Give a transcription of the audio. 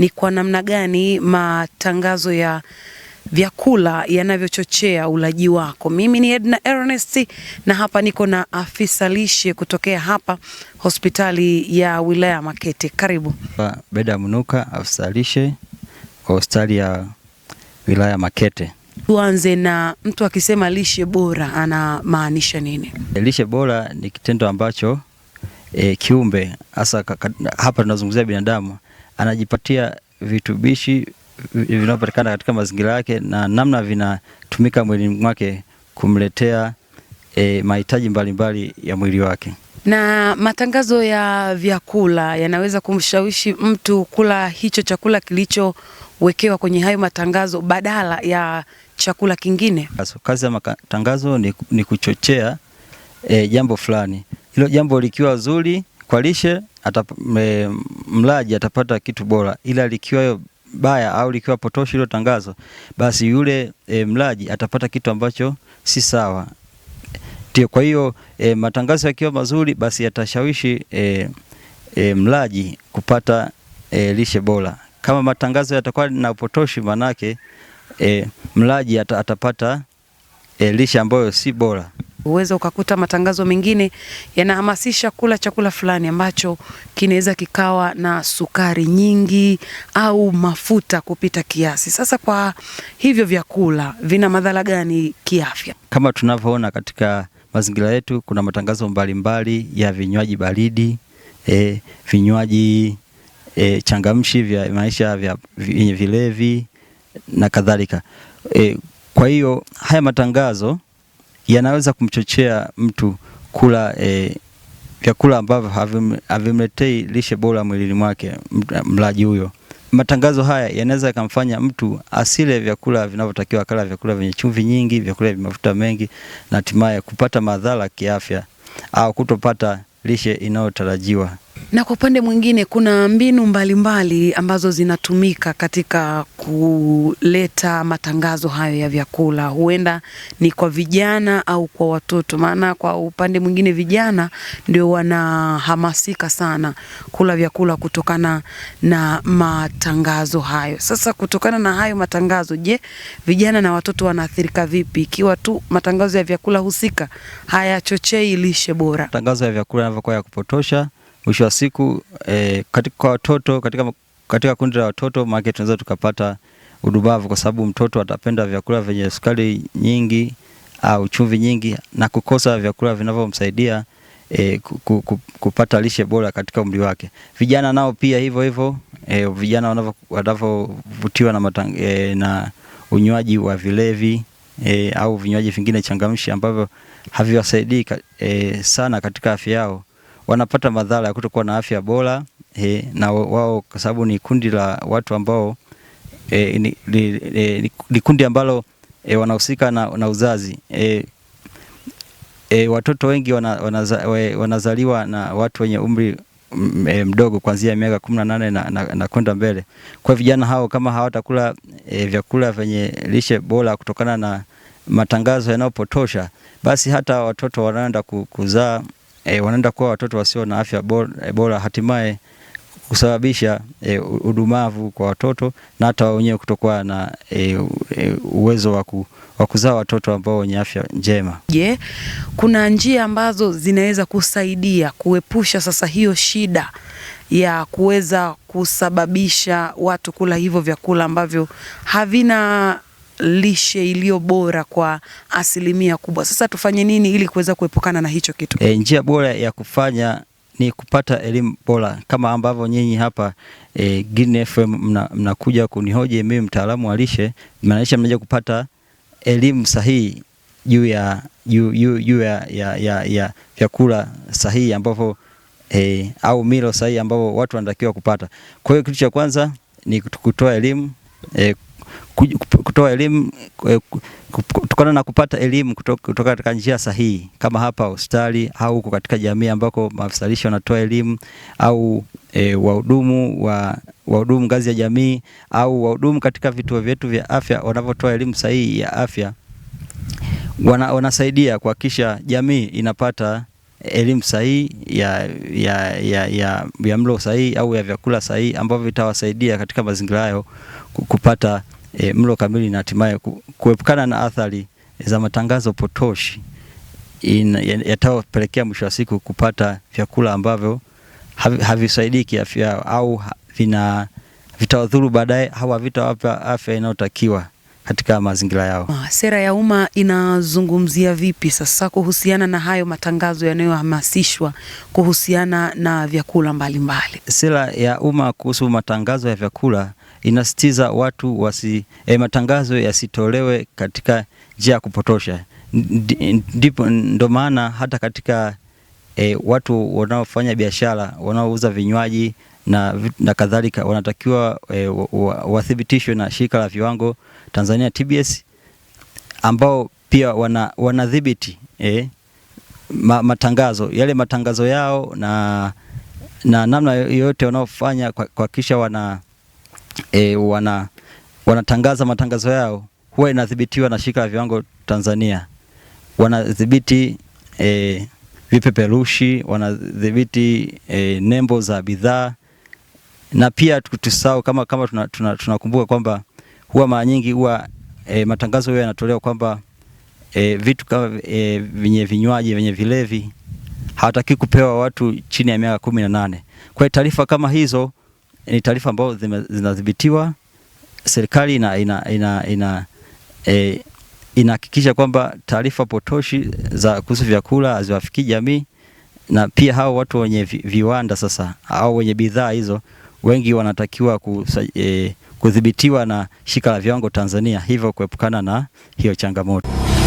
ni kwa namna gani matangazo ya vyakula yanavyochochea ulaji wako. Mimi ni Edna Ernest na hapa niko na afisa lishe kutokea hapa hospitali ya wilaya Makete. Karibu. Beda Mnuka, afisa lishe kwa hospitali ya wilaya Makete. Tuanze na mtu akisema lishe bora anamaanisha nini? Eh, lishe bora ni kitendo ambacho e, kiumbe hasa hapa tunazungumzia binadamu anajipatia vitubishi vinavyopatikana katika mazingira yake na namna vinatumika mwilini mwake kumletea e, mahitaji mbalimbali ya mwili wake. Na matangazo ya vyakula yanaweza kumshawishi mtu kula hicho chakula kilichowekewa kwenye hayo matangazo badala ya chakula kingine. Kazi ya matangazo ni, ni kuchochea e, jambo fulani, hilo jambo likiwa zuri kwa lishe atap, me, mlaji atapata kitu bora, ila likiwa baya au likiwa potoshi hilo tangazo, basi yule e, mlaji atapata kitu ambacho si sawa. Ndio, kwa hiyo e, matangazo yakiwa mazuri, basi yatashawishi e, e, mlaji kupata e, lishe bora. Kama matangazo yatakuwa na upotoshi, manake e, mlaji atapata e, lishe ambayo si bora uweze ukakuta matangazo mengine yanahamasisha kula chakula fulani ambacho kinaweza kikawa na sukari nyingi au mafuta kupita kiasi. Sasa kwa hivyo vyakula vina madhara gani kiafya? Kama tunavyoona katika mazingira yetu kuna matangazo mbalimbali mbali ya vinywaji baridi e, vinywaji e, changamshi vya maisha vya vilevi na kadhalika e, kwa hiyo haya matangazo yanaweza kumchochea mtu kula eh, vyakula ambavyo havimletei lishe bora mwilini mwake mlaji huyo. Matangazo haya yanaweza yakamfanya mtu asile vyakula vinavyotakiwa, akala vyakula vyenye chumvi nyingi, vyakula vyenye mafuta mengi, na hatimaye kupata madhara kiafya au kutopata lishe inayotarajiwa. Na kwa upande mwingine kuna mbinu mbalimbali mbali ambazo zinatumika katika kuleta matangazo hayo ya vyakula, huenda ni kwa vijana au kwa watoto, maana kwa upande mwingine vijana ndio wanahamasika sana kula vyakula kutokana na matangazo hayo. Sasa kutokana na hayo matangazo, je, vijana na watoto wanaathirika vipi ikiwa tu matangazo ya vyakula husika hayachochei lishe bora? Matangazo ya vyakula yanavyokuwa ya kupotosha mwisho wa siku e, katika watoto katika, katika kundi la watoto maana tunaweza tukapata udubavu kwa sababu mtoto atapenda vyakula vyenye sukari nyingi au chumvi nyingi na kukosa vyakula vinavyomsaidia e, kupata lishe bora katika umri wake. Vijana nao pia hivyo hivyo e, vijana wanavyovutiwa na, e, na unywaji wa vilevi e, au vinywaji vingine changamshi ambavyo haviwasaidii e, sana katika afya yao wanapata madhara ya kutokuwa na afya bora he, na wao kwa sababu ni kundi la watu ambao e, ni, li, li, e, li, li kundi ambalo e, wanahusika na, na uzazi e, e, watoto wengi wana, wanaza, we, wanazaliwa na watu wenye umri e, mdogo kuanzia miaka kumi na nane na, na, na kwenda mbele. Kwa vijana hao kama hawatakula e, vyakula vyenye lishe bora kutokana na matangazo yanayopotosha, basi hata watoto wanaenda kuzaa e, wanaenda kuwa watoto wasio na afya bora, eh, bora hatimaye kusababisha e, udumavu kwa watoto na hata wenyewe kutokuwa na e, uwezo wa kuzaa watoto ambao wenye afya njema. Je, yeah, kuna njia ambazo zinaweza kusaidia kuepusha sasa hiyo shida ya kuweza kusababisha watu kula hivyo vyakula ambavyo havina lishe iliyo bora kwa asilimia kubwa. Sasa tufanye nini ili kuweza kuepukana na hicho kitu? E, njia bora ya kufanya ni kupata elimu bora kama ambavyo nyinyi hapa e, Green FM mnakuja mna kunihoji mimi mtaalamu wa lishe, maanaisha mnaja kupata elimu sahihi juu ya juu juu ya ya, ya, ya vyakula sahihi ambavyo e, au milo sahihi ambavyo watu wanatakiwa kupata. Kwa hiyo kitu cha kwanza ni kutoa elimu e, kutoa elimu eh, kutokana na kupata elimu kutoka katika njia sahihi, kama hapa hospitali au huko katika jamii ambako maafisa lishe wanatoa elimu au e, wahudumu wa wahudumu ngazi ya jamii au wahudumu katika vituo vyetu vya afya wanavyotoa elimu sahihi ya afya, wana, wanasaidia kuhakikisha jamii inapata elimu sahihi ya, ya, ya, ya, ya mlo sahihi au ya vyakula sahihi ambavyo vitawasaidia katika mazingira hayo kupata e, mlo kamili na hatimaye kuepukana na athari za matangazo potoshi yatayopelekea mwisho wa siku kupata vyakula ambavyo havisaidii kiafya yao au vina vitawadhuru baadaye au havitawapa afya inayotakiwa katika mazingira yao. Ah, sera ya umma inazungumzia vipi sasa kuhusiana na hayo matangazo yanayohamasishwa kuhusiana na vyakula mbalimbali mbali? Sera ya umma kuhusu matangazo ya vyakula inasitiza watu wasi e, matangazo yasitolewe katika njia ya kupotosha. Ndipo ndo maana hata katika e, watu wanaofanya biashara wanaouza vinywaji na, na kadhalika wanatakiwa eh, wathibitishwe na shirika la viwango Tanzania TBS ambao pia wana, wanadhibiti e, ma, matangazo yale matangazo yao na, na namna yoyote wanaofanya kwa kisha wana e, wana wanatangaza matangazo yao huwa inadhibitiwa na shirika la viwango Tanzania. Wanadhibiti e, vipeperushi, wanadhibiti e, nembo za bidhaa na pia tusahau kama, kama tunakumbuka tuna, tuna kwamba huwa mara nyingi huwa e, matangazo huwa yanatolewa kwamba e, vitu kama e, vyenye vinywaji vyenye vilevi hawataki kupewa watu chini ya miaka kumi na nane. Kwa hiyo taarifa kama hizo ni taarifa ambazo zinadhibitiwa. Serikali ina ina ina, ina e, inahakikisha kwamba taarifa potoshi za kuhusu vyakula haziwafikii jamii, na pia hao watu wenye viwanda sasa au wenye bidhaa hizo wengi wanatakiwa ku, e, kudhibitiwa na shirika la viwango Tanzania, hivyo kuepukana na hiyo changamoto.